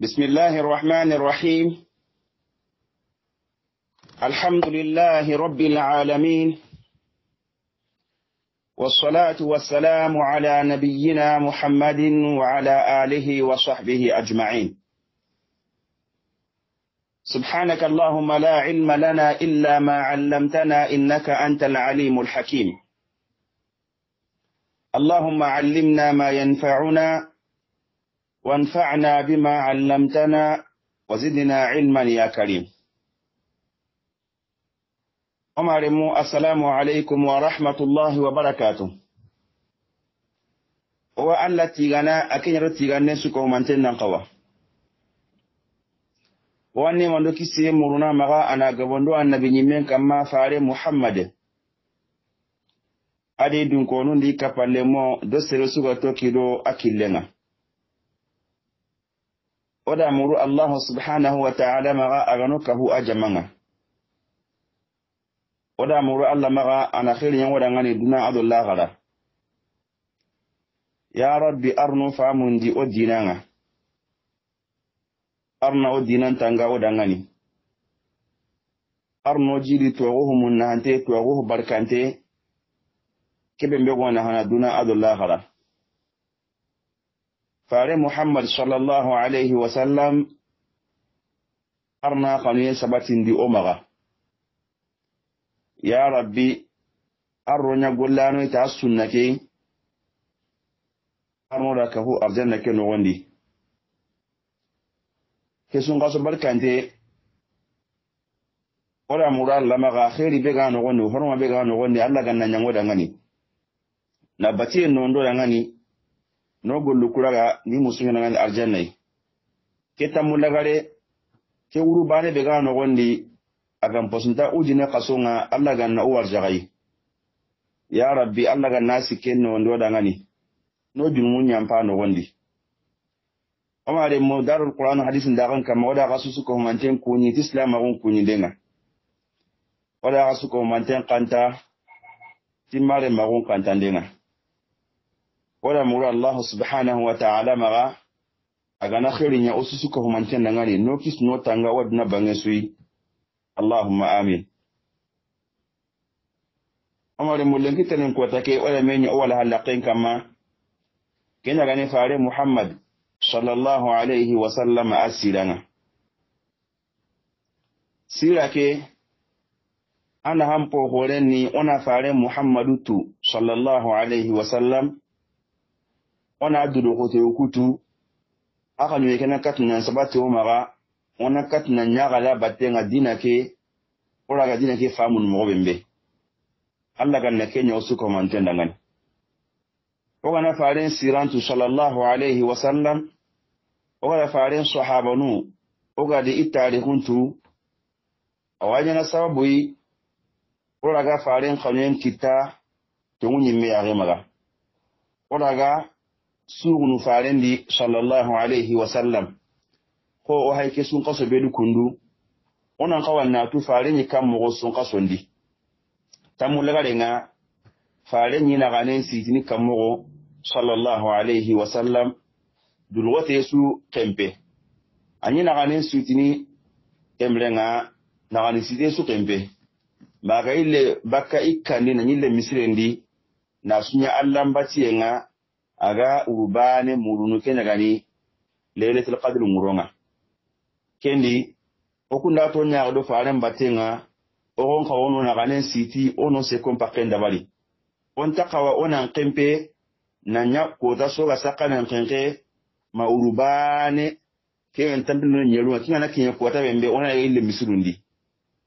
بسم الله الرحمن الرحيم الحمد لله رب العالمين والصلاة والسلام على نبينا محمد وعلى آله وصحبه أجمعين سبحانك اللهم لا علم لنا إلا ما علمتنا إنك أنت العليم الحكيم اللهم علمنا ما ينفعنا وانفعنا بما علمتنا وزدنا علما يا كريم Omar mu assalamu alaikum wa rahmatullahi wa barakatuh. Wa Allah tigana a kan yaro tigane su nan kawa. Wanne wanda kisi muruna maga ana gaban do annabi kan ma fare Muhammad. Ade dun konun di kapalle mo do sere su ga tokido akillenga. Wadda odamuru allahu subhanahu wa ta'ala maga a jamanga. Wadda odamuru allah maga ana khiri wadda gani duna adulla gara ya rabbi arnu di o dinanga arna o tanga wadda gani. arno jiri tuwaguhu munnahante tuwaguhu barkante kebe mbegona hana duna adulla gara fare muhammad sallallahu alaihi wa sallam arna kanuye sabatin o maga ya rabbi gullano ta sunna ke arnoda kahu arjanna ke nogondi kesunkaso barkante oda mura lamaga heri be gano nogondi horma be gano nogondi allah ganna yagodangani na batiye gani. no gollu kuraga ni musu ñanagandi yi. ke tammu lagare ke wuru bane be ga nogondi agan posunta ujine kasunga allah na uwar jagai ya rabbi allah ganna ndo da ngani. no junumu ñampa nogondi omare mo darul qur'an hadisin dagan kama wada ga susu ko manten kunyi tislama gun kunyi denga wada ga ko manten kanta timare magun kanta denga wala mura allah subhanahu wa ta'ala maga agana khairin ya ususuka humanten nangani nokis notanga wadna bange sui allahumma amin amare mullen kitanin kota ke wala menyi wala halaqin kama kenya gani fare muhammad sallallahu alaihi wa sallam asiranga sira ke ana hampo ni ona fare muhammadu tu sallallahu alaihi wa sallam wona dudukuti kutu aka ñoyi kena katina sabati wo maga wona katina ñagala battenga dina ke woraga dina ke famu famunu mogo ɓen be allah ganna ke ñawo sukomantendangani wo gana faren sirantu salallahu alayhi wasallam wo gada faren sahabanu wo gadi i tarikuntu awañana sababuyi wo raga faren kañoyen kitta tongu ñimme yaxe maga wo raga sugunu farendi sallallahu alayhi wa sallam ko o hayke sun kaso bedu kundu onan kawan natu farenyi kam mogo sun kasondi tammu lagare nga na naganen sitini kam mogo sallallahu alayhi wa sallam dulwote su kempe anyi naganen sitini emre nga nagani sitini su kempe maga ille na ikkandi misire ndi na sunya allan batiye nga aga urbane murunu kenya gani lailatul qadr nguronga kendi okunda to nyaa do faren batenga oron ka wono na ganen siti ono se kompa kenda bali on takawa onan kempe na nya ko da saka na kenke ma urbane ken tambinu nyeluma kinga na kinyo kota bembe ona ile misurundi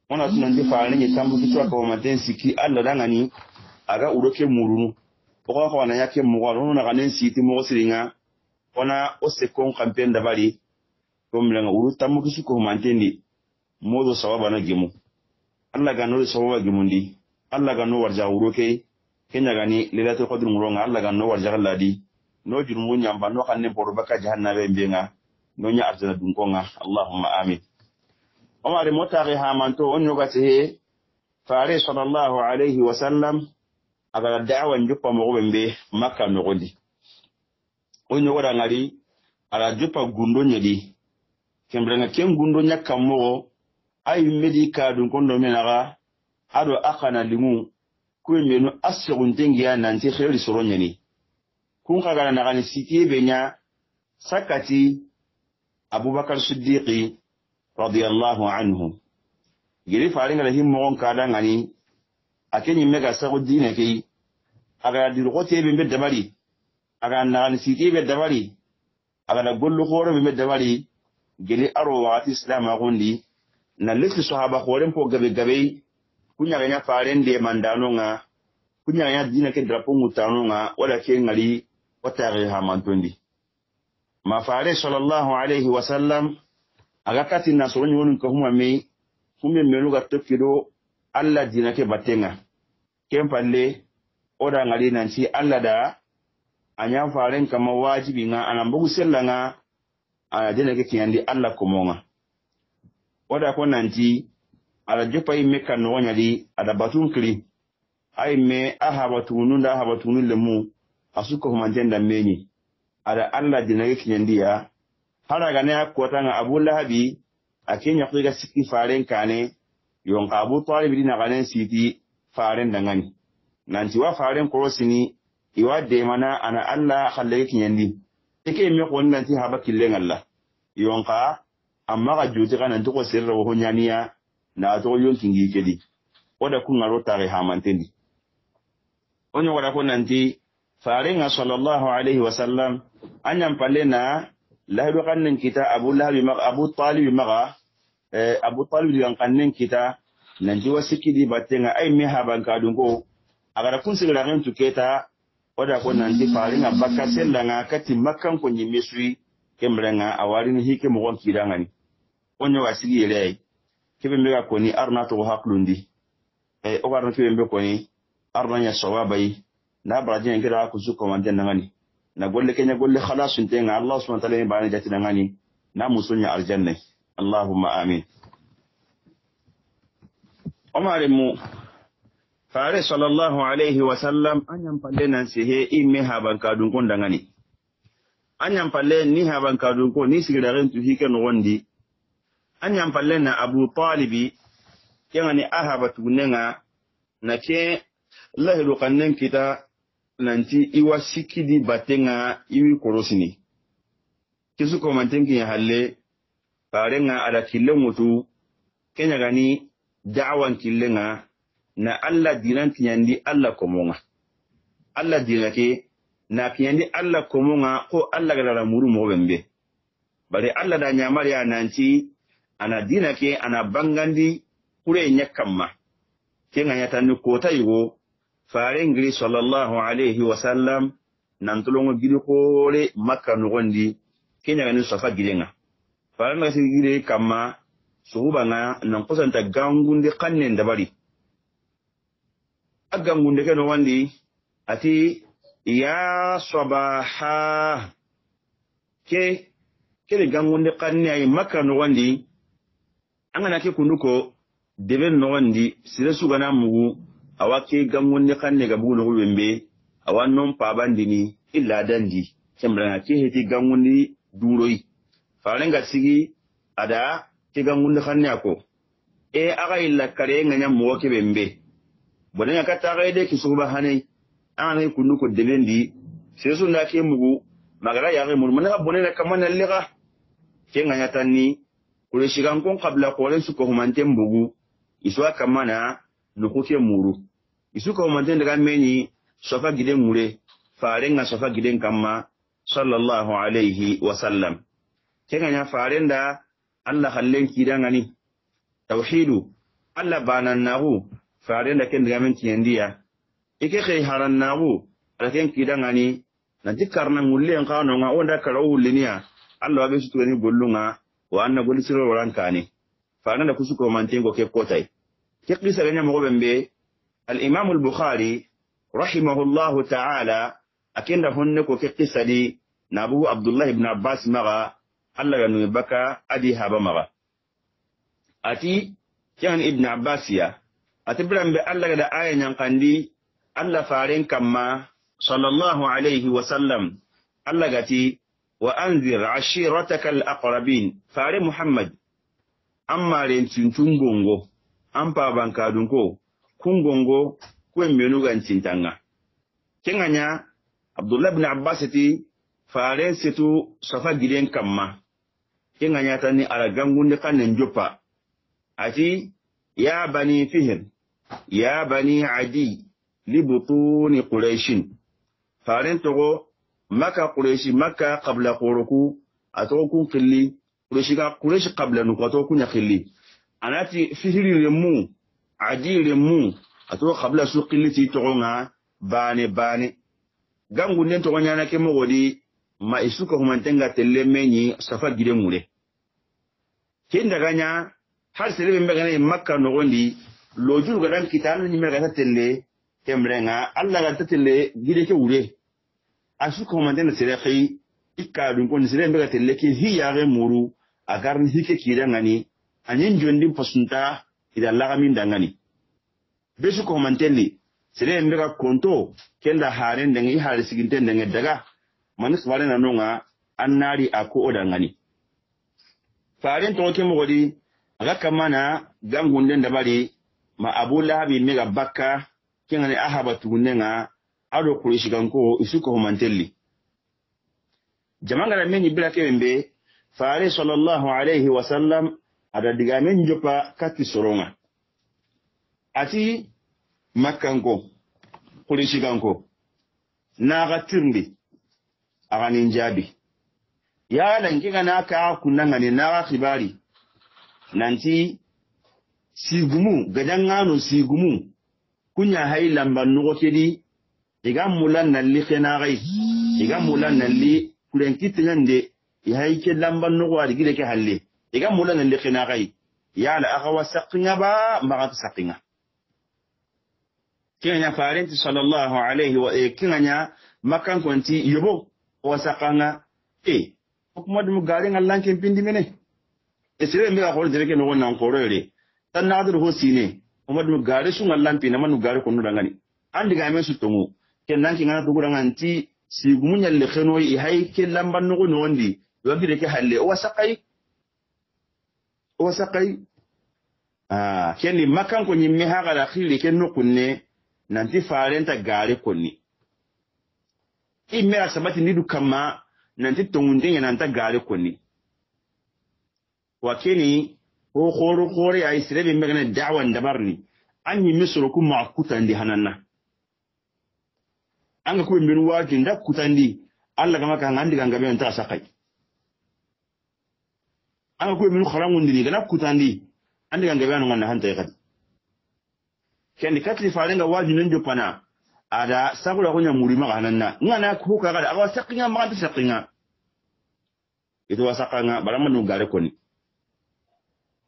ona sunan di faren ni tambu kitwa ko matensi ki Allah dangani aga uroke murunu ko na yake moxoa ono naxanen siiti moxo siringa wona o sekkon xampen dabari tomilanga wuru tammo kisi kohumantendi modo na gemu allah ga nodo sababa gemundi allah ga no warja wuro ke ke ñagani lelatel xodun wuronga allah ga no warjaxa ladi no jurumu ñamba no xan ne boroba ka jahannabe nga no nya arjana nga allahumma amin omare motaxe hamanto o ñogatehe faare sallallahu alayhi wa sallam abaga dawa njupa mogo ɓe mbe makka nogondi o da ngari ala jupa gundo ñeɗi kembranga kem gundo ñakkam mogo ayi medi kaadun kon ɗo menaga aɗo akana limu, kwe kuɓe mbenu kuntengi ya nanti li soro ni kun gana nagani sitiye ɓe sakati sakkati abubakar suddiqi radiyallahu anhu giri lahim himmogon kaada ngani a ke ñimme ga sago dine keyi agana diroko teɓe mbe dabari agana nagani sitiɓe dabari aga na gollo gollu hooroɓe mbe dabari gele aro wa islam a gondi na lesti sahaba horen po gabe gabe kunya gabey mandano nga kunya kuñagaña dina ke drapo mutano nga wala ke ngali ŋari ha mantondi ma fare sallallahu alayhi wasallam aga kati na nasoro ñigonin ko huma mi kumbe melu ga tokido allah dina ke battenga ken palle oda ngari nanti allah da anyan faren kama wajibi nga anan bugu sella nga aya dina ke kiyandi allah komonga oda ko nanti ada jopa imme kan di. ada batun kiri aimme ahabatunu da ahabatunu lemu asuko humantenda menyi ada allah dinage kinyandiya haraga ne nga. abu lahabi akenya kuiga siki faren kane yonka abu talib na naganen siti faren dangani nanti wa faren korosini iwa demana ana allah kinyendi. Teke ike kwa ni nanti haba killen Yon yonka amma ka juti ka nanti ko sirra woho ñaniya naatogo yonkingi kedi woda kungaro taxe hamantendi Onyo ñogoda ko nanti farenga sallallahu alaihi sallam anyan pale na lahiru xannen kita abu lahabi maga abu talibi maga eh, abu talibi digan xannen kita nan ji wasu kidi batenga ai mi haban kadungo agara kun sigira ren tuketa oda ko nan farin farin abaka senda nga kati makan ko nyi misri kemre nga awari hike mo wonki dangani onyo wasigi kibe kebe mbega koni arna to haklundi e o garna kebe mbega koni arna ya sawabai na barajin kira ku su komanden nangani na golle kenya golle khalasun tenga allah subhanahu wa ta'ala ni bani jati nangani na musunya aljanna allahumma amin Omar mu fare sallallahu alaihi wa an anyan palle nan se in imme haban kadun kon an anyan palle ni haban kadun ko ni sigidaren tu hike no an anyan palle na Abu Talibi a haɓa tunenga na ke lahiru kannen kita nanti iwa sikidi batenga iwi korosini kisu komantenki halle farenga ada killen wutu gani da'awan killenga na Allah dinan tiyandi Allah komonga Allah dinake na tiyandi Allah komonga ko Allah ga gadara muru mo bembe. Bare Allah da ɲamari a nanci ana dinake ana bangandi kure ɲa kamma ke ga tanu ko tayo fare ngri sallallahu alaihi wasallam nan nantolongo giri le makka gondi ke ni safa girenga farenagasi gire kamma nga nan kusanta gangunde da bari. a gangunde keno wandi ati ya ha ke kene gangunde kanne maka makka nogondi an gana ke kundu ko debe nogondi sire gana mugu wa ke gangunde kanne ga bugu nogu a awa non ni illa dandi na ke heti gangundi duroyi ga sigi ada tigangunde xanne a ko e aga yilla kare ŋaña mowo keɓe mbe kata katta xayde ki suxuba xaney axanayi kundu ko deben di sesunda ke mugu magara yaxe muru manaxa bonena na kamana xa ke nga nyata ni kuresigan kon xabla xooren sukohumanten bugu isuwa kama na nuku ke muru isu humante daga meni sofa giden ŋure farenga sofa giden kamma sallallahu alayhi wasallam ke ŋaña farenda allah hallen ngani Tauhidu allah banannaku farenda ken digamen tiyendiya ike kei harannaku ala ken kidangani nanti karna kawo kanonga wanda karau liniya allah wabe ni bollunga wa anna goli sirol warankani farenda go ke kotai ke kisa ɓe al imam al bukhari rahimahullahu taala akinda hunne ko ke kisa ɗi nabu abdullah ibn abbas maga allah nuna baka adi haba A ati kyan ibn abbas ya ati biranɓe allah ayan aya yankandi allah farin kama. sallallahu alayhi wa Allah ga ti, wa a shi al aqrabin farin muhammad an marentuntun gongo an kadun ko kun gongo kun menugan cintanga kenganya abdullah bin abbas ti fare situ safa gidan kamma kinga nyata ni ala gangunde kanen jopa ati ya bani fihir ya bani adi quraishin togo maka quraishi maka qabla quruku quraishi quraishi qabla anati fihiri remu adi remu qabla ti togo nga ma isu isuka humantenga telle menyi safa gire mure kenda ndaganya har selebe mbegana makka nogondi lojuru gadan kitan ni mega ta telle kemrenga alla ga ta telle gire ke wure asuka humantenga sere khi ikka dun kon sere mbega telle ke hiyare muru agarni hike ngani anyin jondi pasunta ida min dangani besu ko humantenli sere mbega konto kenda haren dengi har sigin dengi daga wale na nunga annari ako ngani farin to kemo kodi raka mana ndenda bali ma abu lahabi mega bakka kengani ahaba tukunenga ado kurishiganko isuko humantelli jamangara meni bila kewembe fare sallallahu alaihi wa ada diga men jopa kati soronga ati makkanko kurishiganko na agatirmbi aganin jaabi yala na ka na naga kibari nanti sigumu gadangano sigumu kunya hayi lamba nuko kedi iga mula nalli kenagai iga mula nalli kulenkitiñande ihay ke lamba nuko adi gide ke halle iga mula ya kenagai aka agawa sakkiŋa ba magati sakkiŋa kiŋanya farenti sallallahu alaihi wa eh, kiŋanya makkan konti yobo o sakanga e kuma dum garin Allah kin pindi mene e sire mi ga hol direke no wannan koro yore tan na dur hosi kuma dum gare sun Allah pina manu gare ko nura ni an diga men su tumu ken nan kin ana tugu nganti si gumunya le kheno yi hay ke lamban no no ndi wangi de ke halle o sakai o ah ken ni makan ko nyimmi ha gara khili ken no kunne nanti farenta gare konni imera sabati nidu kama nanti tongunde ya nanta gare koni wakini ho khoro khore ay sirebe megana da'wa ndabarni anyi misro ku ma'kuta ndi hananna anga kube mbiru waji nda ndi ala kama ka ngandi kanga be nta sakai anga kube mbiru kharangu ndi kana kutandi ndi kanga be nonga hanta yakati kendi katli farenga waji nanjo pana ada sakura kunya mulima kananna ngana kuhuka kada awa sakinga maka sakinga itu wasakanga barama nungare koni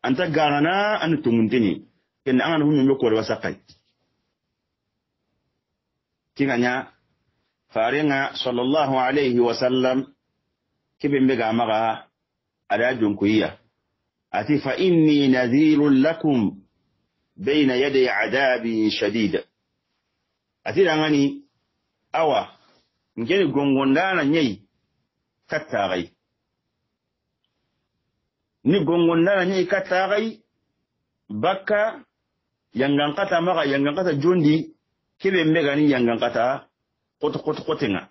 anta garana anu tungundini ken angan hunyo mbe kwal wasakai tinganya farenga sallallahu alaihi wasallam kibembe ga maga ada dunkuiya ati fa inni nadhirun lakum bayna yaday adabin shadida da ngani awa ngeni gongondana nyei kattagai ni gongondana nyei kattagai baka yangangata maga yangangata jondi kebe megani yangankata koto koto nga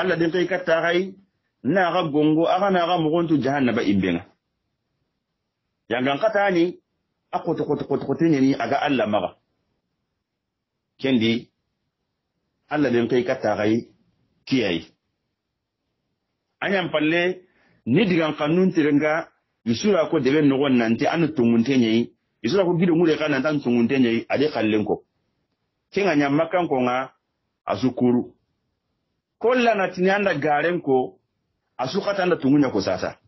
alla den kai na naga gongo aga naga mugontu jahannaba imbenga yangangata ni akoto koto koto kotenyeni aga alla maga kendi Allah din kai kata kai kiyai anyan palle ni digan kanun tirenga isura ko deben no wannan ti anu tungunte yi isura ko gido mure kana tan tungunte nyi ade kallen ko kin nyam makan ko nga azukuru kolla na tinyanda garen ko kata tanda tungunya ko sasa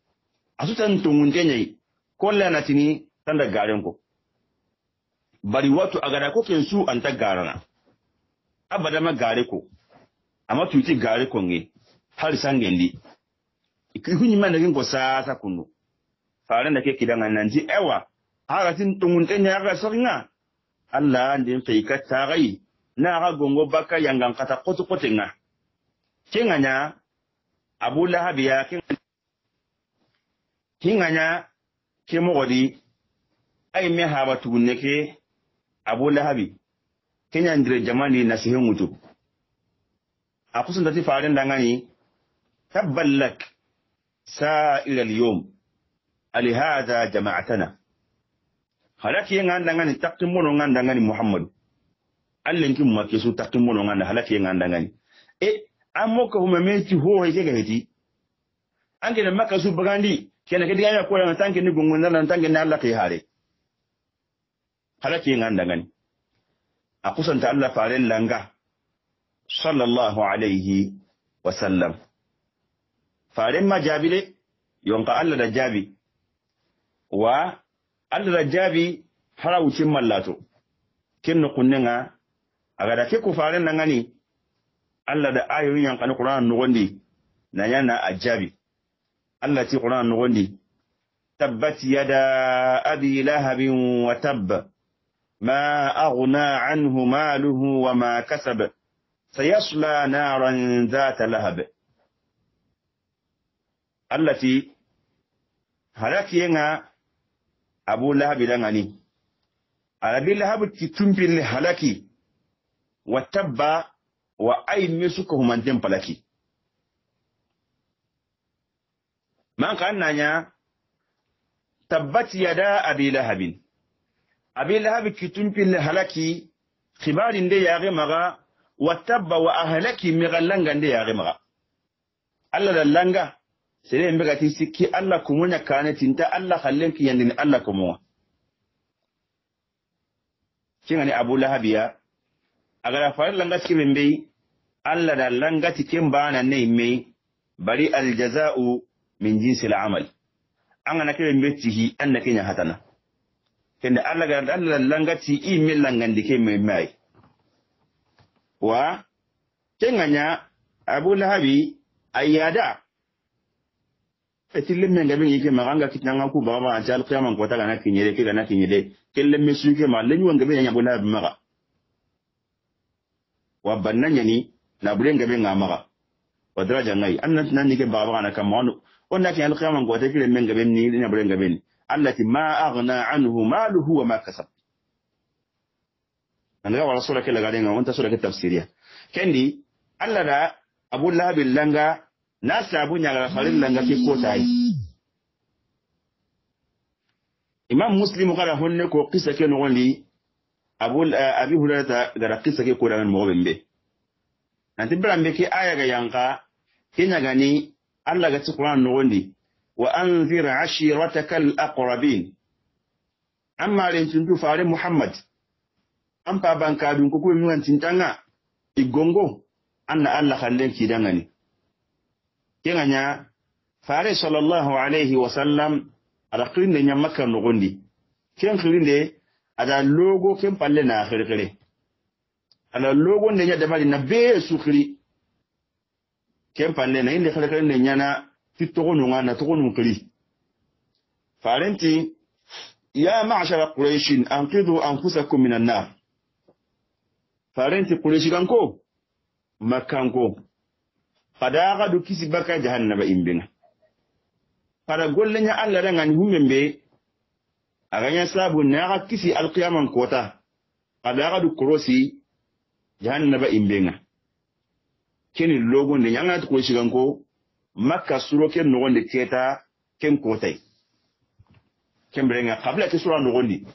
asutan tungunte nyi kolla na tini tanda garen ko bari watu agada ko ken su anta garana ma gare ko ama tuti gare ko nge hali sangendi ikunyima nake ngo sasa kuno ke nake nan ji ewa haka tin tungun ya ga soringa alla ndin ka tagai na ga gongo baka yangan kata kotu kotinga kinganya abu lahabiya kenganya kemogodi ai me haba tugun ke. abu lahabi kenya ndire jamani na sihin mutu a kusan da farin da ngani tabballak sa'il al-yawm alihada jama'atana halaki yin an dangane taktin mono an dangane muhammadu allin kin ma su taktin mono an halaki yin an dangane e an moka kuma ti ho hay ke heti an ke da maka su bagandi kenan ke diga ya ko ran tanke ni gungun nan tanke na Allah kai hare halake yin da gani a kusanta Allah farin langa sallallahu alaihi wa sallam farin ma jabile yonka Allah da jabi wa Allah da jabi farawucin mallato kin nukunninga a ga da ke ku farin nan gani Allah da ayoyin na Qur'an gondi na yana ajabi Allah ci Qur'an gondi tabbat yada abi lahabin wa tabba ما أغنى عنه ماله وما كسب سيصلى نارا ذات لهب التي هلكينا أبو لهب لغني أبي لهب تتنبي لهلكي وتبا وأي مسكه من دم لكي ما قال نانيا تبت يدا أبي لهب abi lahabi kitun pille halaki khibarin de yare maga watabba wa ahlaki mi gallanga de yare maga Allah da langa sere en bega ti sikki Allah kumunya kane tinta Allah hallen ki yandini Allah kumuwa kingani abu lahabiya agara farin langa sikibin bai Allah da langa tikin bana ne mai bari aljaza'u min jinsil amal an ga na kibin tihi an na hatana kende allah gara allah langati i min langandi ke me mayi wa kenganya abu lahabi ayyada eti lemme ngabe ngike maganga kitnanga ku baba anja alqiyama ngota kana kinyere ke kana kinyere kelle mesuke ma lenyu ngabe nyanya bula maga wa bannanya ni na bule ngabe ngamaga wa daraja ngai anna nan nike baba kana kamano onna ke alqiyama ngota kile lemme ngabe ni na bule ngabe ni التي ما أغنى عنه ماله وما كسب an ga wala sura kila gaden wanta sura kita tafsiriya kendi Allah da Abu Lahab langa na sabu nya ga khalil langa ki ko tai Imam Muslim kada honne ko kisa ke no li Abu Abi Hurairah ga kisa ke ko da mo bembe nan tibran be ki aya ga yanka kinya gani Allah ga ci Qur'an no gondi وأنذر عشيرتك الأقربين أما لنتندو فاري محمد أما بانكادون كوكو من تنتانا إغونغو أن الله خلين كيدانني كيغانيا فاري صلى الله عليه وسلم ada kirinde ñam makka nogondi ken kirinde ada logo ken palle na kirkire ada logo nde ña dabari na bee sukiri ken palle na inde ti togonunga na togonun kiri farenti ya ma'ashara quraishin an anfusakum minan na farenti quraishi kanko makkanko kada aga du kisi baka jahannaba imbinga kada gollenya allah da ngani humembe aganya sabu na aga kisi alqiyaman kota kada aga du korosi jahannaba in imbinga keni logon de nyanga to quraishi kanko makka suro ken nogondi keta ken kotay ken birenga kabila ke sura nogondi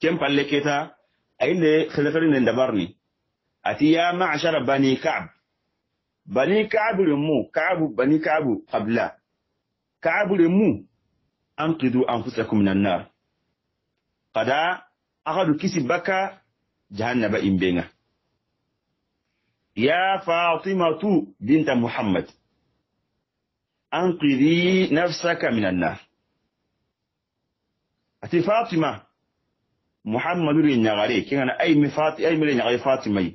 ken palle keta ayinde kheleferine ndabarni ati ya ma'ashara bani ka'b bani ka'bul mu kabu bani ka'b qabla ka'bul mu anqidu anfusakum minan nar qada akhadu kisi baka jahannaba imbenga ya fatimatu binta muhammad أنقذي نفسك من النار أتي فاطمة محمد كي انا أي مفاتي أي ملي نغري فاطمة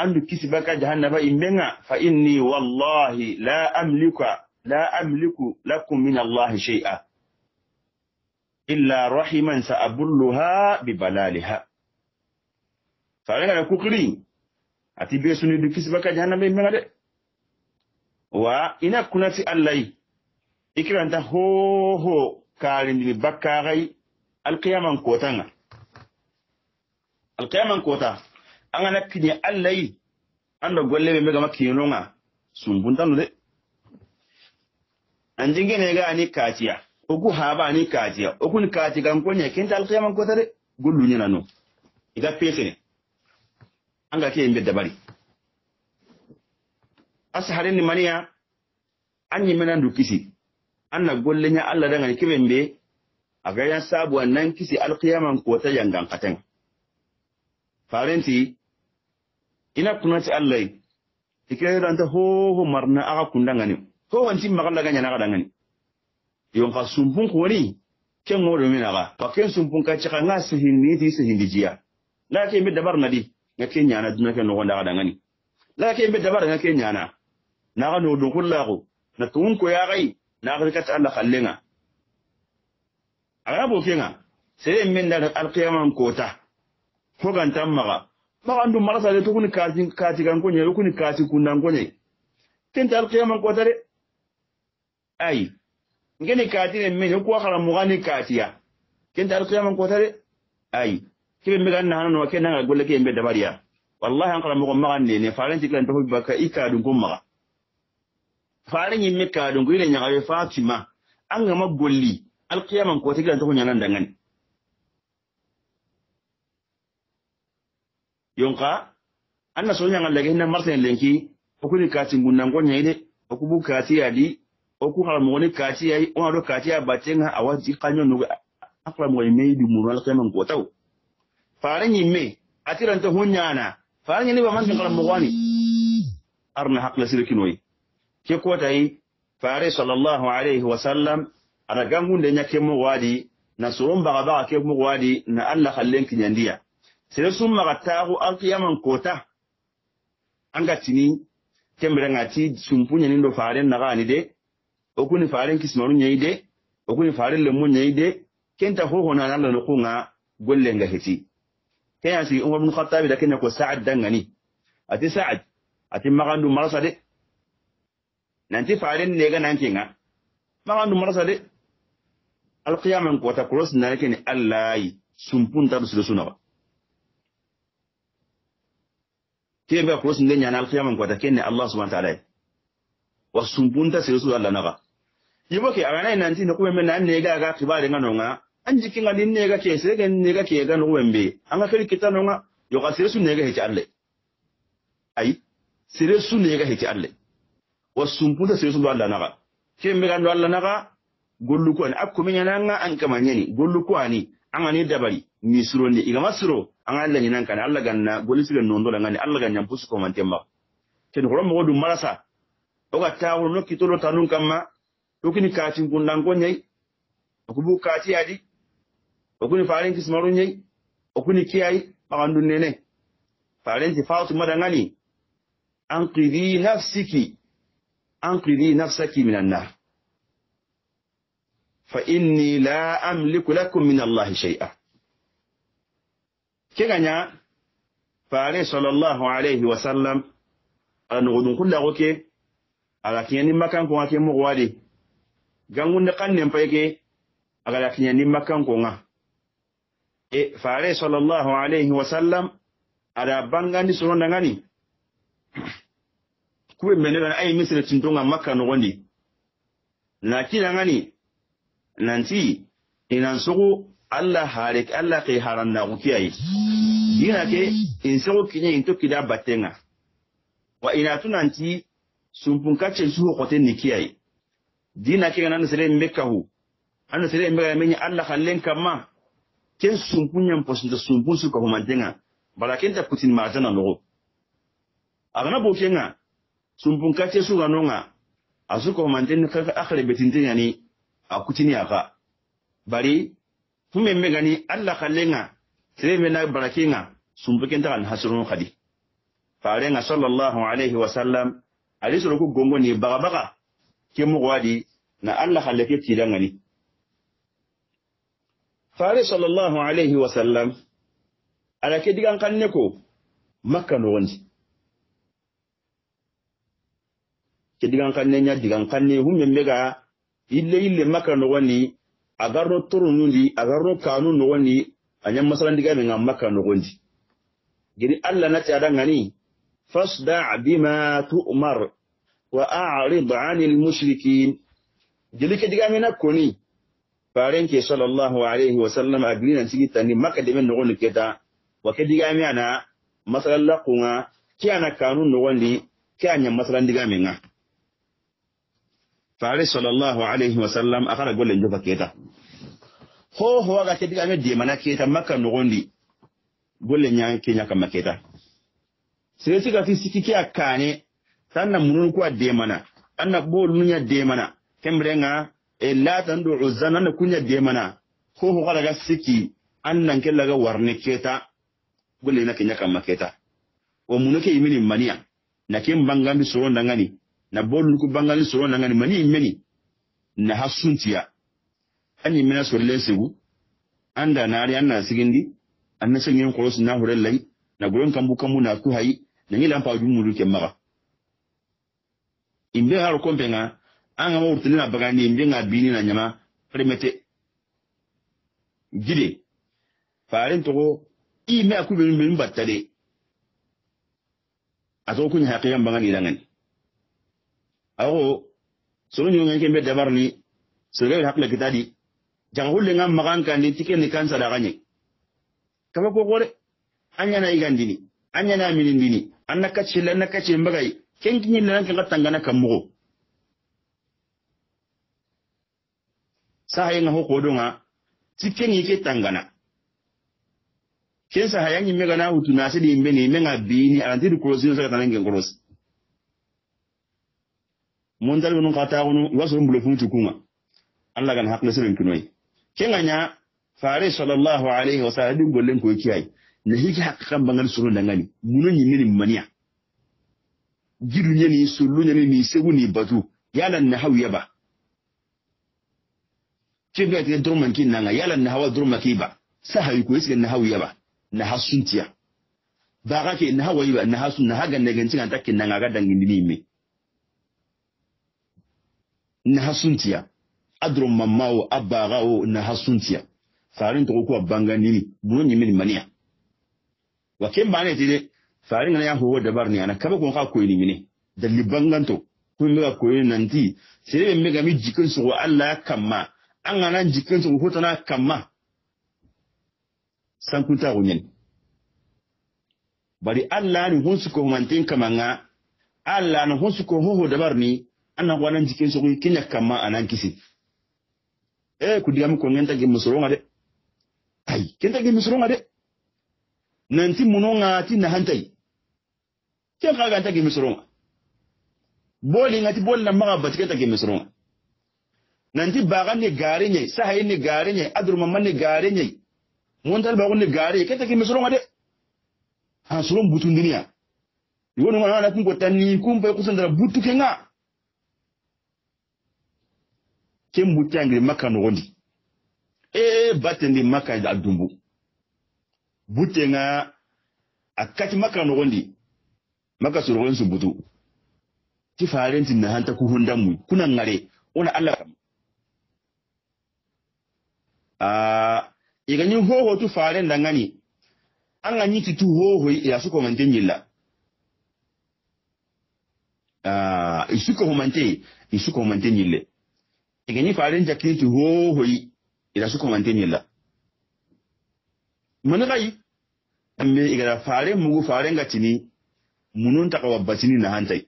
أن كسبك جهنم إمنا فإني والله لا أملك لا أملك لكم من الله شيئا إلا رحما سأبلها ببلالها فأنا كوكري أتي بيسوني دكسبك جهنم إمنا wa ina kunati allahyi ikiranta hoho karindiri bakkaxay alkiyaman kotanga alkiyaman kota angana kine allahyi ando golle ɓe megama kinononga sumbuntano de andingenega ani katiya ogu haba ani katiya ogun katigankoña kenta alkiyaman kota de gollunyana no iga pesene anga keyembe dabari asharin maniya an yi minan du kisi an na gollin ya Allah dangan kibin be a gayan sabuwa nan kisi alkiyaman ko ta yangan katen. Farenti, ina ci Allah yi dan ta ho ho marna aka kundangani ko wancin magalla ganya na kadangani yon ka sumpun ko ni ken ngoro mina ba ka ken sumpun ka cika nga sihindi ti sihindi jiya la ke mi dabar nadi nga ken nyana dunake no wanda kadangani na ke mi dabar nga ken nyana n'a naxa no dunkullaxu na tun tugunko yaxayi naxati kati alla xallenga axaya bo kenga sere min da alqiyaman kota hogantan ko maxandu marasade tokuni katigankoñe tokuni kati kundankoñe kenta alqiyaman kota de ayi ngeni katine men hokuwa xara muxani katiya kenta alqiyaman kota de ayi kebe mbe ganna hanano ke nanga golle ke mbe dabariya wallahi an kala xara ma maxan nene farenti kilan tofobi bakka i kadun kon maxa faran yin mika dun guyin yin awe fatima an ga magulli alqiyaman ko tigan ta kunya nan dangan yonka anna so yin Allah gahin martan lenki okuni kati gunnan gonya ide okubu kati adi oku harmo ni kati yayi on ado kati ya batenga awaji kanyo nuga akra mo ime di muru alqiyaman ko taw faran yin me atiran ta hunya na faran yin ba man kan mo wani arna hakla sirkin wai ke yi fare sallallahu alaihi sallam ana da ñakke mu wadi na soron baga baga ke mu wadi na allah hallen kiñandiya sere summaga taaku alkiyaman kota ga tini kemberenga ti sumpu ñanin do faren nagaani de fare ki kismaru ñayi de fare le lemu ñayi de kenta hohona na nga golle nga heti keñasi umar bin khattabi da kenya ko saad dangani ati saad ati magandu marasa de nanti faren ne ga nan kinga ma andu marasa de alqiyaman ko ta cross na yake ni allahi sumpun ta su suna ba ke ga cross ne nyana alqiyaman ko ta kenne allah subhanahu wa ta'ala wa sumpun ta su allah na ba yibo ke arana nanti na kuma men ne ga ga kibare ngano nga an jikin ga din ne ga ke sai ga ne ga ke ga no wembe an ga kirki ta no nga yo ga sire su ne ga hece allah ai sire su ne ga hece allah wa sumpunta seesu ndo allah ke kembe gando allah naga gollu ko ani akkume ñananga an kama ni gollu ko ani ani dabari ni suronde igama suro anga allah ñanan kani allah ganna golli siga nondola ngani allah gan ko pusu komantemma ke ni mogo dum marasa ga tawo no kitolo tanun kamma ɗokini ko kundanko ko okubu kati adi okuni farenti nyai ko okuni kiyayi makandu nene farenti fatima dangani anqidi nafsiki anqidhi nafsaki minan nar fa inni la amliku lakum min allahi shay'a keganya faare sallallahu alayhi wa sallam anugodun kullago ke aga kiɲani makankonga ke mogo wadi gangunde kannen paye ke agada kiɲani makankonga e faare sallallahu alayhi wa sallam ada bangandi sonondangani kuwe mene na ayi misira tintonga makka nogondi na ngani, nanti inan sogo alla hare alla ke harannaku kiyayi Gina ke in kinye kiɲe into kida batenga. wa inatu nanti sumpunkacce suho kote ni kiyayi dina ke gana nasere mbeka hu. ana sere mbeka ya menye alla hallen ma. ken sumpunyan mposinta sumpun su kahumantenga bala kenta putin marjana nogo agana bofenga, sumpun su ga nonga asuko ka kaka akhre betinte yani akutini aka bari fume gani Allah kallenga me na barakinga sumpuken takan hasrun khadi farenga sallallahu alaihi wasallam ali soro ku gongo ni baga baga ke mu wadi na alla ti dan gani fare sallallahu alaihi wasallam ala ke digan kanne ko makka no ke digan kanne nya digan kanne me mega ille ille maka no wani agarro turu nundi agarro kanu no wani anya masalan diga men maka no gondi giri Allah na tiada ngani fasda bima tu'mar wa a'rid 'anil mushrikin gili ke diga men koni faren ke sallallahu alaihi wa sallam na sigi tani maka de men no gondi keta wa ke diga men ana masalan laqunga kiana kanu no wani kiyanya masalan diga men fare sallallahu alaihi wasallam akara golle njofa keta ho ho ga ke diga me di mana keta maka nogondi golle nya ke nya kama keta sai sika fi sikiki akane sannan munun kuwa de mana anna bol nya de mana kembrenga e latan du uzana na kunya de mana ho ho ga siki annan ke laga warne keta golle na ke nya kama keta wa munuke imini mania na kin bangambi soron dangani na bolu ku bangani soro na ngani mani meni na hasuntiya ani mena so lesegu anda na ari anna sigindi anna sengen kolos na lai na gurin kambu kambu na ku hayi na ni lampa ju mulu maga. imbe haro kompenga anga mo urtini na bagani imbe nga bini na nyama premete gide farin togo ime akubin bin battade a zo kun haƙiƙan bangani dangani awo soro ñongen kembe dabarni ya sore hakla kitadi jang hulle ngam magan kan ni tike ni kan sadaka ni kama ko gore anya na igandini anya na minindini anna kace lanna kace mbagai ken kinyi lanna kan tangana kan mugo sahaye nga hoko donga tike ni ke tangana ken sahaye ni mega na hutu na sidi mbeni bini antidu kurosino saka tanenge kurosi mun dal nun kata wonu wasu mbule fun tukunga Allah gan hakna sirin kinoi kin anya faris sallallahu alaihi wa sallam gollen ko kiyai ne hiki hakkan bangal suru dangani munun yimini maniya gidu ne ni sulu ne ni sebu ni batu yala na hawiya ba ga tin durman kin nan yala na hawa durma ki ba sahayi ko isga na hawiya ba na hasuntiya ba ga ke na hawiya ba na hasun na hagan ne gancin takin nan ga dangin ni me na hasuntiya adro mamawo abagawo na hasuntiya farin to ko banga nimi bunu min maniya wa ken bane tide farin na ya ho dabar ni ana kaba ko ka ko ni mine da libanganto kun ko ni nanti sire me ga mi jikin su Allah kamma an ga nan jikin su hoto na kamma san kun ta gonyen bari Allah ni hun su ko mantin kamanga Allah na hun su ko ho dabar ni ana ko anan jikin sogo kenya kama anan kisi eh kudiam ko ngenta ki musoronga de ai kenta ge musoronga de nanti muno ngati na hantai ke ka ga ta musoro boli ngati boli na maga batiketa ge musoronga nanti baga ne gare ne sahayi ne gare ne adru man ne gare ne mun tal bago ne gare kenta ki musoronga de ha suron butun duniya yono ngana kun ko tanni kun bai kusan da butuke nga ke muti angiri maka nogo di e batendi maka a dumbu bute akati a kati maka nogo di maka sorogon su butu ti farenti na hanta ku hunda mu kuna ngare ona Allah kam a iganyin hoho tu faren da ngani an ganyi ti tu hoho ya su ko manten yilla a isu ko manten isu ko manten igini farin jakin ti hohoyi ila su kuma ni la mun gai ambe igara faren mugu ga tini munun ta tini na hantai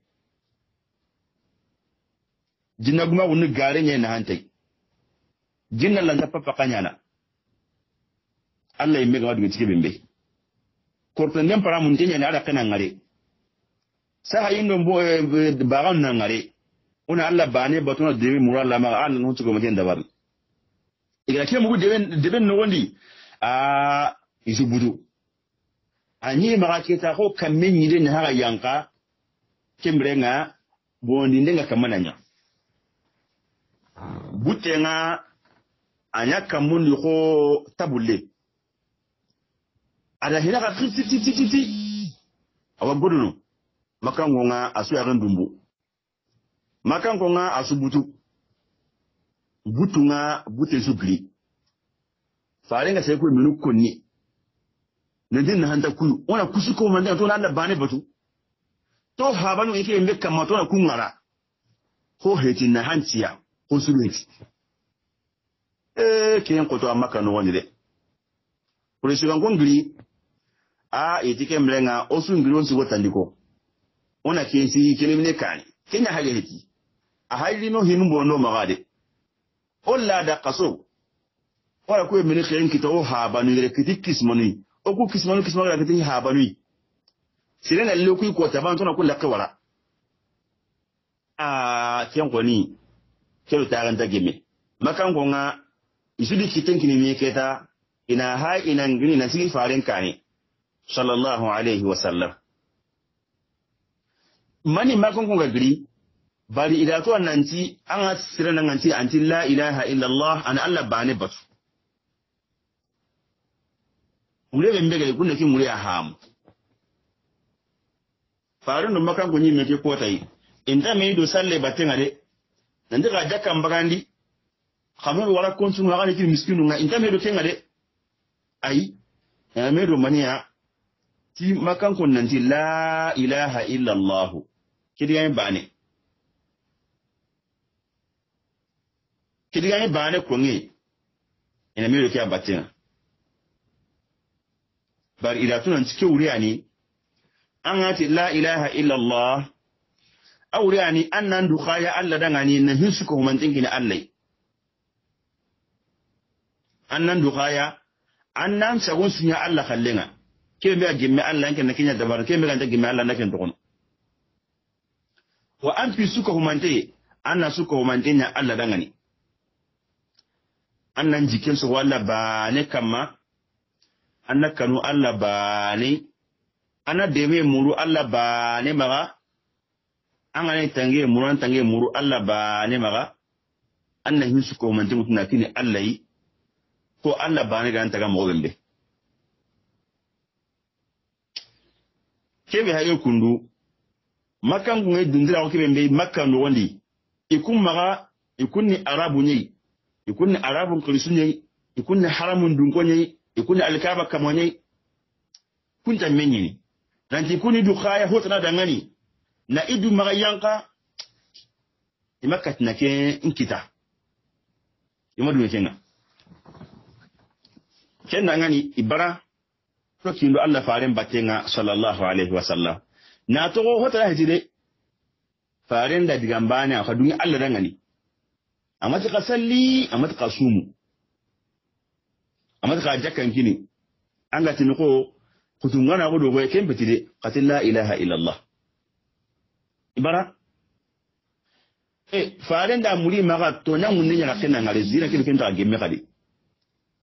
jinna guma wunu gare ne na hantai jinna lan tappa pakanya na Allah yimme gama dugi cikin bimbe kurtan nan para mun tinya na ada kana ngare hayin don bo eh, eh, bagan na ngare una alla bane batuna dewe muralla ma alla no ko magen dabar igra ke mugu deben deben no wandi a isu budu anyi ma ke ta ko kamen yide ne ga yanka kembrenga bondi ndenga kamananya butenga anya kamundi ko tabule ada hina ka titi titi titi awa gudunu no makango asu ya rendumbu makan ko nga asubutu butu nga bute zubli fare nga sai ko minu kunni ne din na hanta kuyu ona kusi ko manda to na bane butu to habanu ike mbe kama to na kungara ko heti na hantiya ko sulu heti eh kiyen ko to amaka no woni de polisi kan ko ngiri a etike mlenga osu ngiri onsi wotandiko ona ke si kelemine kani kenya hali heti a no hinu bono magade olla lada kaso wala ko mini xen kita o habanu yere kiti kismanu o ku kismanu kismanu yere kiti habanu sire na lo ku ko taban tona ku laki wala a ken koni kelo taran ta gimi makan ko nga isudi kiten kini ne keta ina ha ina ngini na sigi farin kani sallallahu alaihi wasallam mani makon ko gri bari idatuwa nanti an a sira nan anti anti la ilaha illallah an allah bane basu mure be mbegele kunne ki mure a hamu faru ndo makan ko nyimme ke kota yi inta me do salle batenga de nanti ka jaka mbagandi kamo wala kontu ngara ne ki miskinu nga inta me do kenga de ai na me do mania ti makan ko nanti la ilaha illallah kidi ay bane tiligani baane kuronge ina miro kia batina bari idatuna ntike wuriani angati la ilaha illa allah awuriani annan dukaya alla dangani na hinsuko humantingi na allai annan dukaya annan sagun sunya alla kallenga kebe mbe gimme alla nke na kinya dabar kebe mbe gimme alla na ken dokono wa an pi suko humante anna suko humante na alla dangani annan jikinsu wallah ba ne kamma annan kanu Allah ba ne da mai muru Allah ba ne maga an ga ne tange muru an tange muru Allah ba ne maga anna hinsu ko man timutu na kini Allah yi ko Allah ba ne ga an taga mɔgɔ bɛ bi hayo kundu makan kun dindira ko kebe be makan do ikun maka ikun ni arabu nyi ikunni arabun kirisunyai ikunni haramun dunkonyai ikunni alkaba kamonyai kun ta tammenyini nanti kuni du khaya hotana dangani na idu magayanka imakat na ke nkita imadu ne kenga kenna ngani ibara to kindo Allah faren batenga sallallahu alaihi wasallam na to hotana hijide faren da digambani a kadun Allah dangani a matuƙa salli a matuƙa sumu a matuƙa jakan kini an ga tinuko ko kutun wana ko dogo ken bitide qatil la ilaha illallah ibara e faren da muri maka to nan mun nyaka kina ngare zira kin kin ta gemme kadi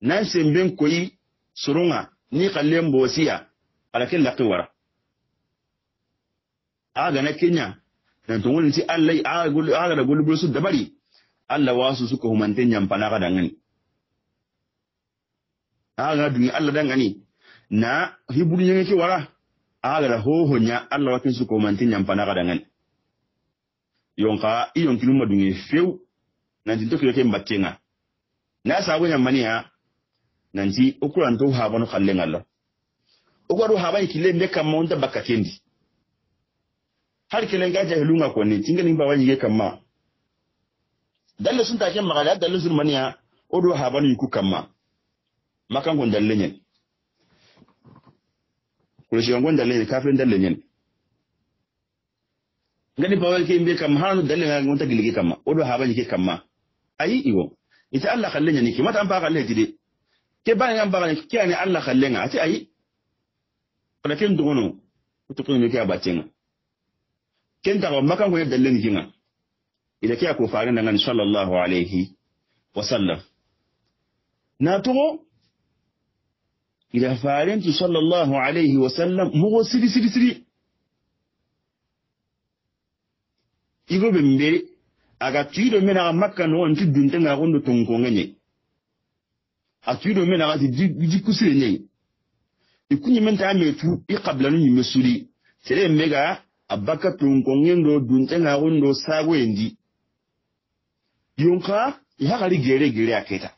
nan semben koyi surunga ni kallen bosiya alakin laqiwara aga na kinya dan to wani ci allai aga gulu aga da gulu bulsu dabari Allah wasu suka humante nyampana kada ngani aga Allah alla dangani na hibu nyenge yake wara aga da hoho nya alla wakin suka humante nyampana kada ngani yonka iyon kiluma dungi feu nanti to kiyoke nga. na sabu nyammani ha nanti okuranto habano kallen alla ogwaru habai kile mbe kamma onta bakatendi har kelen ga jahilunga konni tingani ba wani ge kamma dalle sun take magala dalle sun maniya odo habanu yiku kamma makan gon dalle nyen ko shi gon dalle ne kafin dalle nyen ngani bawal ke mbe kam hanu dalle ngal ngonta gilgi kamma odo habani ke kamma ayi iwo ita Allah kallenya ki mata an fa Allah dide ke bani an baka ke ani Allah a ati ayi wala ken dogono kutukun ne ke abatenga ken tawa makan gon dalle nginga ko ilekea nan an sallallahu wa sallam na to ila farentu sallallahu wa wasallam mogo siri siri siri igo be mberi aga tuyiɗo mena makka no onti duntenga gondo tonkonge ngene a tuyiɗo men agati jikkusire ñayi i kuñimen ta me tu i kabilanu ñimme suri sere mega a bakka ngendo do na gondo sagoyendi yonka ya ihakari gere gere keta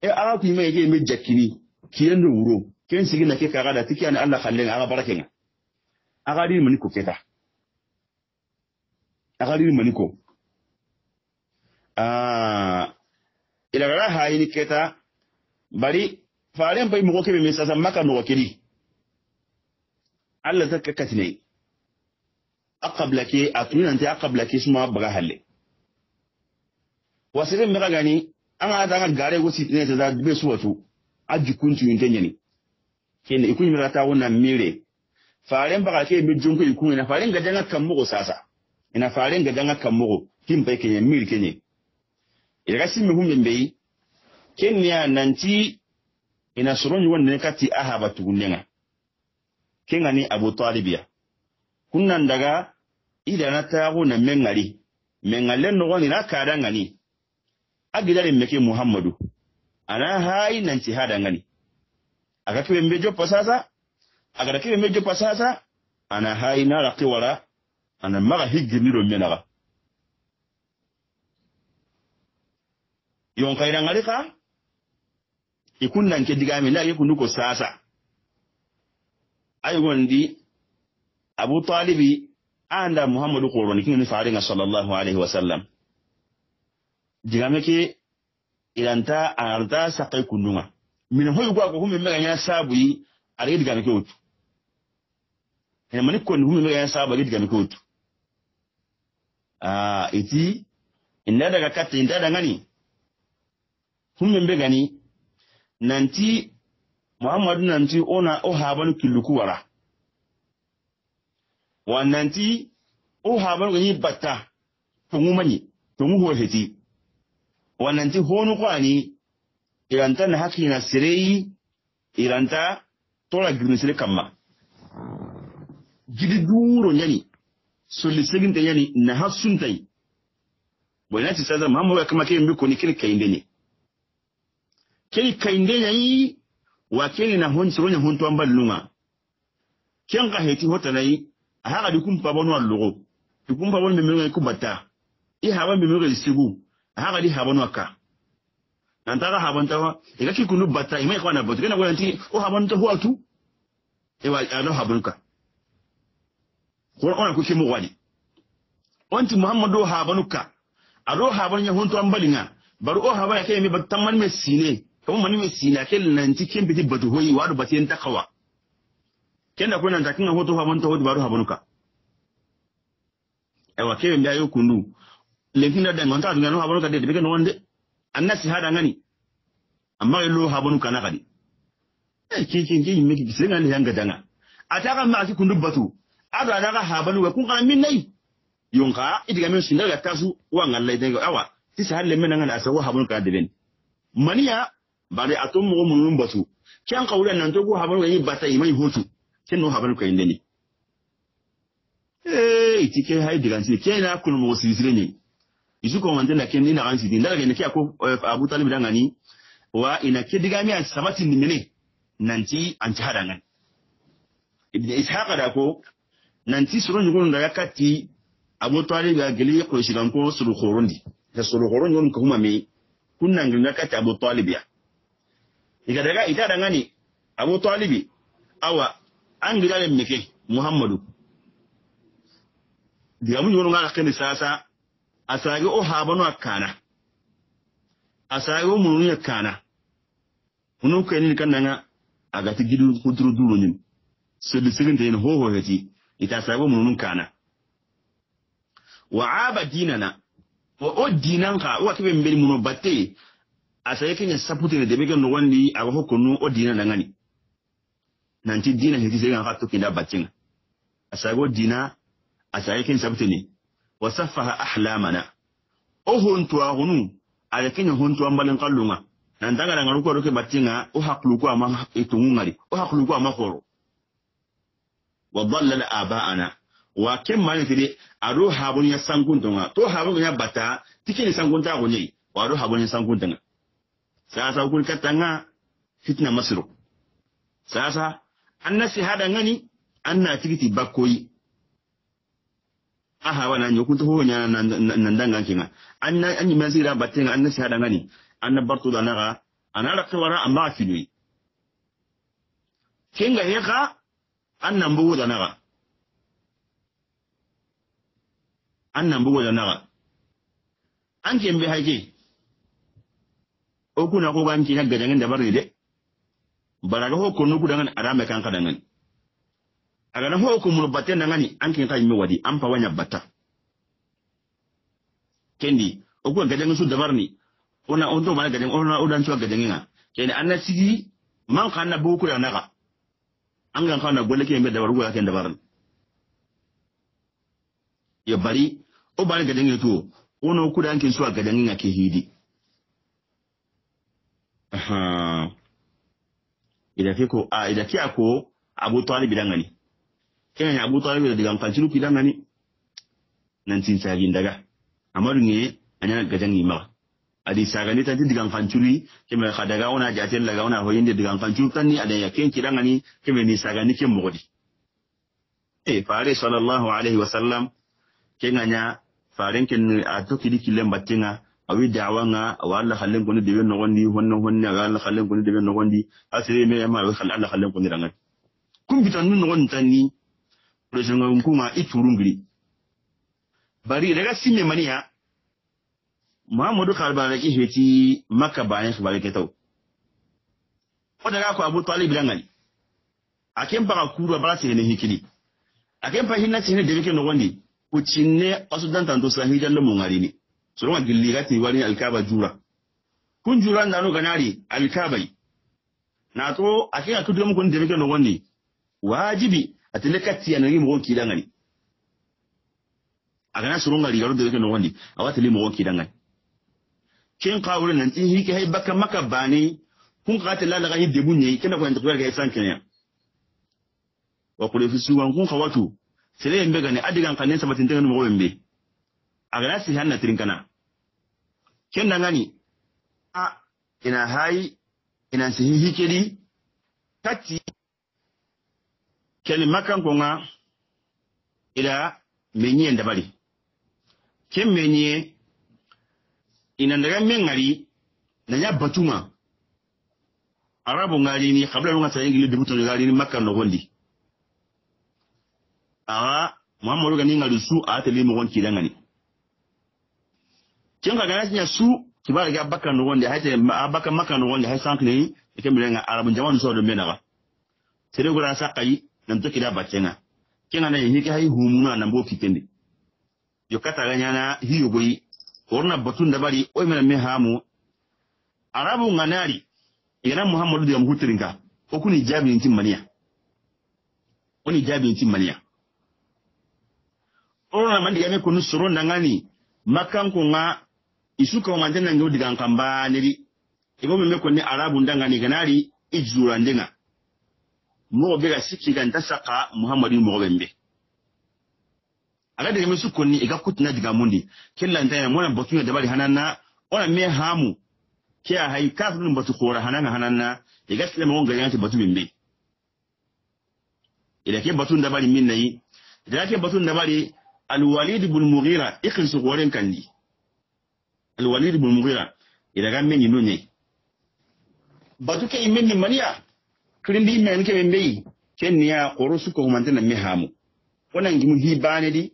e ala ku me ge me jakini ki yendo wuro ken sigi na ke kaga da tiki an Allah kallen aga baraken aga mani ko keta aga di mani ko ah ila gara yini keta bari faren bai mu ko ke me sasa maka no wakili Allah zakka katine aqablaki atunanta aqablaki suma baga halle wasirin mira gani an ada ga gare go sit ne da be su wato aji kuntu yin tanyani kene ikun mira ta wannan mire faren baka ke bi junku ikun na faren ga danga kan mugo sasa ina faren ga danga kan mugo kin bai kenye mil kenye ira sin mi humbe mbei kenya nanti ina soron wannan kati ahaba tugunnenga kenga ni abu talibiya kunnan daga na ta go na mengali mengalen no go ni na kada ngani agidare meke muhammadu ana hayi nanti hada ngani akakibe mbe pasasa sasa agadakibe mbe joppa sasa ana hayi nara kiwara ana maga higginiro menaga yonkayirangari ka diga digame ndage kunduko sasa ayigondi abu talibi anda muhammadu koroni kingani farenga sallallahu alaihi wasallam digameke iranta aranta kai kununga min hoy gwa ko humi mega nya sabu yi ari digameke otu en mani ko humi mega nya sabu ari digameke otu ah iti inda daga katta inda daga ngani humi mega ni nanti muhammadu nanti ona o haban killuku wara wa nanti o haban ko ni batta tungu mani tungu ho heti wananti honu kwani iranta na haki na sirei iranta tola gini sire kama jidi duro nyani solli seginte nyani na hasuntai boinati sasa mambo ya kama kile mbiko ni kile kaindeni kele kaindenya hii wa kele na honi sironya hontu amba lunga kenga heti hota na hii ga dukumpa bono wa lugo dukumpa bono memelo yiku bata i hawa memelo isigu haka di habon waka nan ta haban ta iga e ki kunu bata imai e e kwana bata kana gwaranti o habon ta huwa tu e wa ana haban ka ko ona ku ki mu wadi wanti muhammadu habanuka ado habon ya hunto an balinga Baru o haban ya kai mi batta man me sine kuma man me sine ke nan cikin biti batu hoyi wadu batin takawa kenda kuna ntakinga hoto haban ta hoto baro habanuka ewa kebe mbiya yo kundu lenkin da dangon ta habon habonu kadi debeke no wonde anna si hada ngani amma ilo habonu kana kadi eh, ki ki ki me ki singa ne yanga danga ataka ma ki kundu batu ada daga habon wa kun kana min nai yonka idiga min sinda ga tasu wa ngalla idiga awa ti sa halle men ngala asawa habonu kada ben maniya bare atum mo mun batu kyan kawulan nan to go ka yi bata yi mai hutu kin no ka kai ne ne eh itike haidi gansi na kun mo sisire ne ko mandela na ni na ganzi din daga ne ke ko eh, abu talib dan gani wa ina ke diga mi an sabati ni mene nanti an ci hadangan ibn ishaq da ko nanti surun yugun da yakati abu talib ga gili ko dan ko suru khurundi da suru khurundi yun ko kuma me kunnan gina katti abu talib ya iga daga ita dan gani abu Talib awa an gida da meke muhammadu diga mun yugun ga kan sasa asage o habano akana asage o munu akana hunu kani kananga agati gidu kuduru duru nyim sedi sigende en hoho heti ita asage o munu kana wa aba dinana o o dinan ka o kibe mbeli muno batte asage kenya sapute de mege no wandi aho konu o dinana ngani nanti dina heti sega ka tokinda batinga asage o dina asage kenya sapute ni wasaffaha ahlamana o hontuwaxunu ada keña balin balen na daga ngaru kuwa ruke batinga o haqluku ama itungungari o haqluku ma horo wa dallala aba'ana wa ke manitiri ado habunya sankuntonga to ya bata tikini ko xunei wa ya habunya sankuntanga sasa ukuni kattanga fitina masiro sasa annasi sihada ngani anna tikiti bakoyi aha wana kunta ho nya nandanga kinga anna anyi mazira batin anna shahada ngani anna bartu danaga ana la kawara a finui kinga heka anna mbugo danaga anna mbugo ke mbi haje o kuna ko ganki na gadangan da barni de baraga ho kunu kudangan arame kan kadangan agana ho kumunu na ngani anki ta yime wadi ampa wanya bata kendi okuwa gadeng su dabarni ona onto mala gadeng ona odan suwa nga kendi anna sigi manka anna buku ya naka an gan kana gweleke yime mbe dabaru ga ken dabarni ya bari o bala gadeng to ona okuda anki suwa gadeng nga ke aha ida ke ah, ko a ida ke abu talib kenya ya buta yo daga fancilu kidan nani nan tin sagin daga amaru ne anya gajan ni ma adi sagani tanti digan fanculi keme khadaga ona jatel laga ona hoyinde digan fanculi tanni ada ya ken kidan ani keme ni sagani ken mugodi e fare sallallahu alaihi wasallam ken anya faren ken a to toki dikile mbatinga awi dawa nga awa Allah khalen kuni debe nogondi honno honne awa Allah khalen kuni debe nogondi asire me ma awi Allah khalen kuni ranga kum bitan nun nogon tanni resonga nkuma iturungiri bari daga simme maniya muhammadu kalbara ki heti makka bayan su barike tau ko daga ko abu talib dangali akin baka kuru bara se ne hikili akin fa hinna se ne de bikin wani ucinne asudan tanto sahijan lamun ngari ne suruwa gilligati wani alkaba jura kun jura nanu ganari alkabai na to akin atudu mun kun de bikin wani wajibi atele kati ya nangi mogo kila ngani agana suronga li garodo weke nongoni awatele mogo kila ngani kin qawre nan tin hike hay baka maka bani kun qata la laga hidde bunye kena ko ndikwa ga isan kenya wa kule fisu wan kun qawatu sele yembe gane adigan kanen sabatin tengen mogo yembe agana si hanna trinkana ken ngani a ina hai ina sihi hikeli kati makan makankonga ila menye ndabali ken menye ina daga na nya batuma arabu ni kabla nunga ngali ni makan no gondi nogondi aga muhammadu ni ngali su a tele mo gonki dangani ken ka nya tinya su kibara ga no gondi haite abakkan makkan nogondi hay sankni ikembe nga arabu jawan so do menaga sere gura sakai nanto kida bacenga kenga na hike hay humuna na mbo fitende yo kata ganya na hiyo boyi orna batun da bari o mena me hamu arabu nganari ina muhammadu da mhutiringa okuni jabi ntin maniya oni jabi ntin maniya orna mandi yame kunu suron dangani makan ko isuka o mandena ngi digan kamba neri ibo me ko ni arabu ndangani ganari ijura ndenga mogo bɛ ga sikki ga nta saka muhamadu mogo ben a aga dege min su konni i ga kutina diga mundi kella ntaya mona batuya dabari hananna ona me hamu ke a hayi kafirun batu kora hananga hananna i ga tile mogo ngariyanti batu min be ida ke batun dabari min nayi ida ke batun dabari alwalid bun mugira ikin su di kandi alwalid bun mugira ida ga men yi nunye batu ke i men ni maniya kilindi men ke be mbeyi ken niya koro suko humante na me hamu wona ngimu hi bane di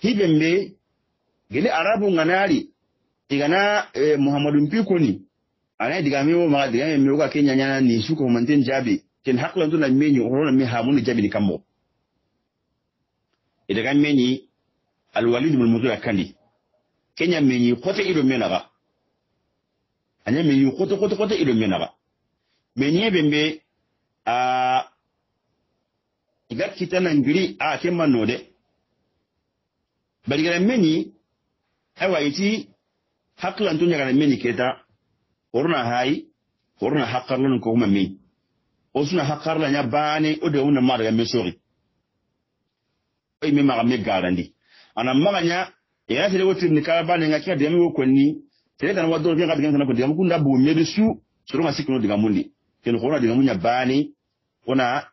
hibe mbe gele arabu nganari igana eh, muhammadu mpiku ni ana diga mi wo ma diga mi wo kenya nyana ni suko humante jabi ken hakla ndo na menyu horo na me hamu ni jabi ni kambo e idaga menyi alwalid bin mugira kandi kenya menyi kote ido menaga anya menyi kote kote kote ido menaga menye e bembe a igar kita nan giri a kin man node barigara meni aiwa iti haklan tun yagara meni keta oruna hayi oruna hakarlun ko kuma min o suna hakarla nya o de wona maraga mesori ay mi maga me garandi ana maganya ya tele wotir ni kala bane ngaki de mi ko ni tele tan waddo bi ngadi ngana ko de mu kunda bu medu su suru masikino diga mundi kel hona diga munya bani ona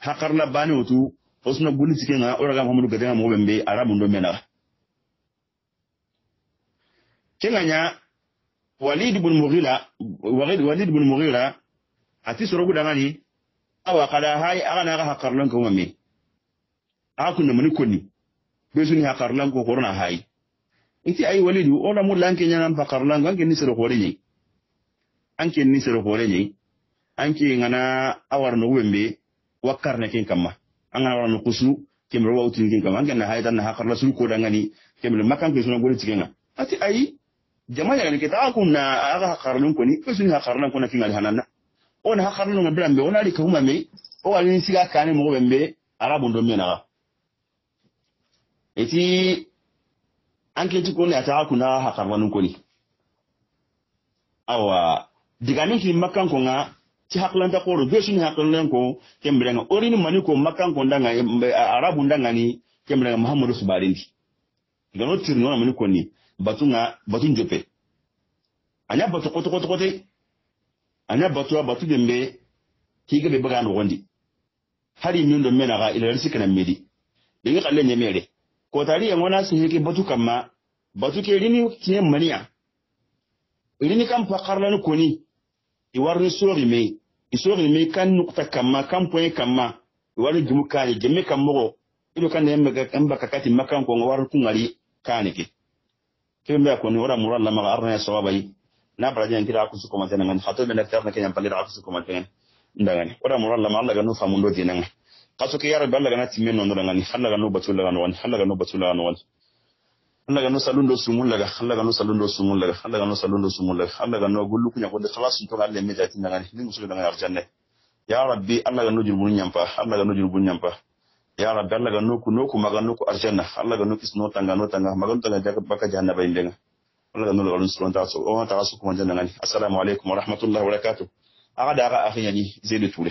hakarla bani otu osuna guni sikenga oraga muhammadu gatenga mo bembe arabu ndo mena kenganya walid ibn mughira walid bun mughila ati sorogu dangani awa kada hay agana hakarla hakarlan ko mamme akunna mani besu ni hakarlan ko korona hai iti ay walidu ola mu lanke nyanga hakarlan ko anke ni kwa hore anke ni kwa hore An anki ngana awar no wembe wakar na kin kamma an ngana awar no kusu kemre wawtin kin kamma ngana haydan na hakar rasul ko dangani kemre makan ke sunan gori tikenga ati ayi jama ya ke ta aku na aga hakarlun ko ni ko sun hakarlun ko na kin alhananna on hakarlun na brambe on ali kuma me o ali siga kane mo wembe arabun do mena eti an ke ti ko ne ata aku na hakarlun ko ni awa diga ni kin makan ko nga ti haklanta koro dosini haklanlen ko ori ni mani ko makan ko ndanga arabu ndanga ni kembiranga muhammadu subalindi gano tirni wona mani ni batunga batun jope anya batu koto koto koto anya batuwa batu dembe ga be bagan wondi hari min do menaga ilarisi kana medi ga lenye mere ko tari yan wana su heke batu kamma batu ke rini tiyan maniya rini kan fakarlan koni i warini sorori me i sorori me i kan nukta kanma kan poye kanma i warini jumu kani jemme kan mogo i do kanda en baka kati makan konga warini kungali kani ke kebe mbe koni wara mura lamaga arna ya sawaba yi na jina kira akusu komante nangani ngani be naktar na kenya mpalira akusu komante nangani ndangani wala mura lama Allah ga nufa mundo dinangani ngani ke kiyara bala ga nati men nondo nangani Allah ga no batula ga no wani Allah ga no batula ga wani ga no salun do laga sumulaga ga no salun do laga sumulaga ga no salun do laga sumulaga ga no gollu kunya ko de khalas to le me jati nangani ni musul da nangani arjanne ya rabbi ga no jur jurbun nyampa ga no jur jurbun nyampa ya rabbi ga no ku no ku maga no ku arjanna ga no kis no tanga no tanga maga no tanga jaga baka janna ba indenga ga no lagalun sulon ta so o ta so kuma janna ngani assalamu alaikum wa rahmatullahi wa barakatuh aga da aga akhinya ni zaidu